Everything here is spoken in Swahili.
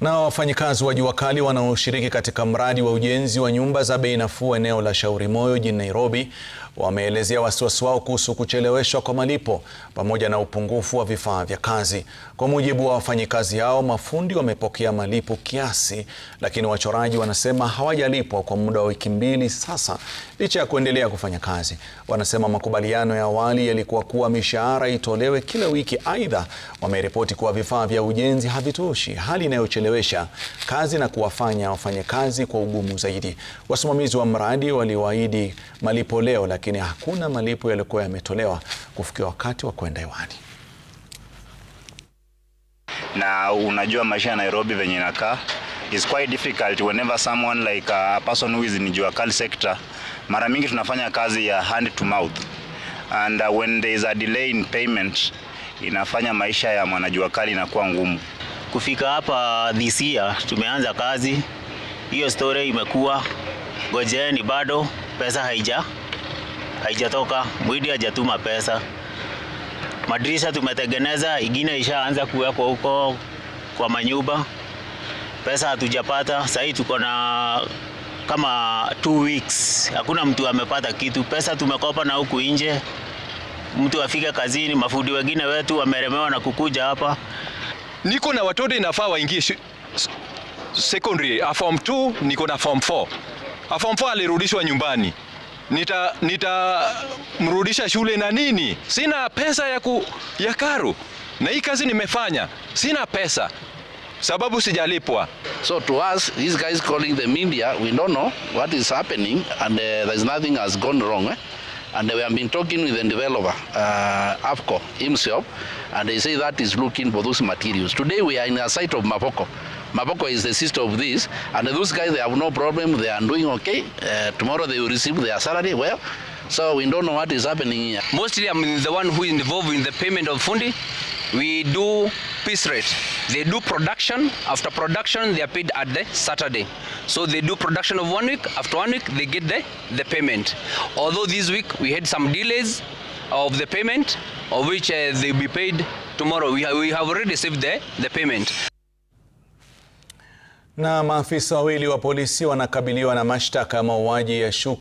Na wafanyikazi wa Jua Kali wanaoshiriki katika mradi wa ujenzi wa nyumba za bei nafuu eneo la Shauri Moyo jijini Nairobi wameelezea wasiwasi wao kuhusu kucheleweshwa kwa malipo pamoja na upungufu wa vifaa vya kazi. Kwa mujibu wa wafanyikazi hao, mafundi wamepokea malipo kiasi, lakini wachoraji wanasema hawajalipwa kwa muda wa wiki mbili sasa, licha ya kuendelea kufanya kazi. Wanasema makubaliano ya awali yalikuwa kuwa mishahara itolewe kila wiki. Aidha, wameripoti kuwa vifaa vya ujenzi havitoshi, hali inayochelewesha kazi na kuwafanya wafanyakazi kwa ugumu zaidi. Wasimamizi wa mradi waliwaahidi malipo leo lakini hakuna malipo yaliyokuwa yametolewa kufikia wakati wa kwenda hewani. Na unajua maisha ya Nairobi venye inakaa is quite difficult whenever someone like a person who is in jua kali sector. Mara mingi tunafanya kazi ya hand to mouth and uh, when there is a delay in payment inafanya maisha ya mwanajua kali inakuwa ngumu. Kufika hapa this year tumeanza kazi hiyo, story imekuwa gojeni, bado pesa haija haijatoka, mwidi hajatuma pesa, madirisha tumetengeneza, ingine ishaanza kuwekwa huko kwa manyumba, pesa hatujapata. Sahii tuko na kama two weeks, hakuna mtu amepata kitu. Pesa tumekopa na huku nje, mtu afike kazini. Mafundi wengine wetu wameremewa na kukuja hapa. Niko na watoto inafaa waingie secondary, form 2, niko na form 4. Form 4 alirudishwa nyumbani nitamrudisha nita shule na nini? Sina pesa ya, ku, ya karo na hii kazi nimefanya, sina pesa sababu sijalipwa. So to us, these guys calling the media, we don't know what is happening and uh, is nothing has gone wrong. Eh? And we have been talking with the developer, uh, AFCO himself, and they say that is looking for those materials. Today we are in a site of Mapoko. Maboko is the sister of this, and those guys they have no problem. They are doing okay. Uh, tomorrow they will receive their salary. Well, so we don't know what is happening here. Mostly, I'm the one who is involved in the payment of fundi. We do piece rate. They do production. After production, they are paid at the Saturday. So they do production of one week. After one week, they get the, the payment. Although this week we had some delays of the payment, of which uh, they'll be paid tomorrow. We, ha we have already received the, the payment. Na maafisa wawili wa polisi wanakabiliwa na mashtaka ya mauaji ya shuki